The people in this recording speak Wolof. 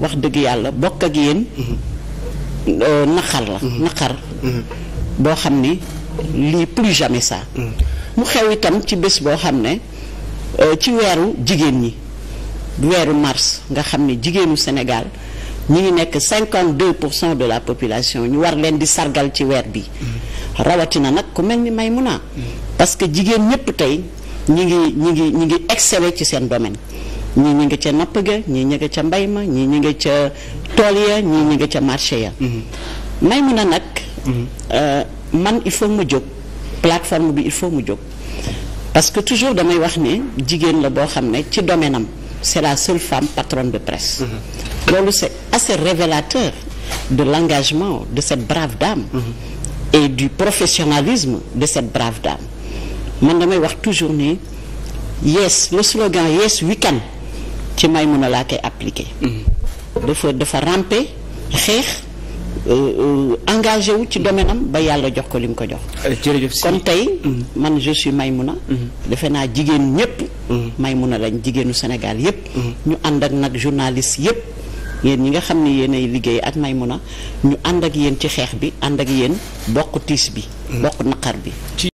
wax dëgg yàlla bokk ak yéen mm-hmm. euh, naqar la mm-hmm. naqar mm-hmm. boo xam ni lii plus jamais ça mu xew itam ci bés boo xam ne euh, ci weeru jigéen ñi weeru mars nga xam ni jigéenu Sénégal ñu ngi nekk 52 pour cent de la population ñu war leen di sargal ci weer bi na nag ku mel ni Maymuna parce que jigéen ñëpp tey ñi ngi ñi ngi ñi ngi exceller ci seen domaine ñii ñu ngi ca napp ga ñii ñu ngi ca mbay ma ñii ñu ngi ca tool ya ñii ñu ngi ca marché ya mhm. may mun a nag mhm. euh, man il faut ma jóg plateforme bi il faut mu jóg parce que toujours damay wax ni jigéen la boo xam ne ci domaine am c'est la seule femme patronne de presse mhm. loolu c'est assez révélateur de l'engagement de cette brave dame et du professionnalisme de cette brave dame man damay wax toujours ni yes le slogan yes we ci Maymuna laa koy appliqué. Mm-hmm. dafa dafa ramper xeex euh, euh, engagé wu ci domaine am ba yàlla jox ko li mu ko jox. Euh, jërëjëf si kon tey. Mm-hmm. man may suis Maymuna. Mm-hmm. defe naa jigéen may ñëpp. Maymuna lañ jigéenu Sénégal yëpp. ñu ànd ak nag journaliste yëpp. yéen ñi nga xam ne yéenay liggéey ak Maymuna ñu ànd ak yéen ci xeex bi ànd ak yéen bokk tiis bi. bokk naqar bi.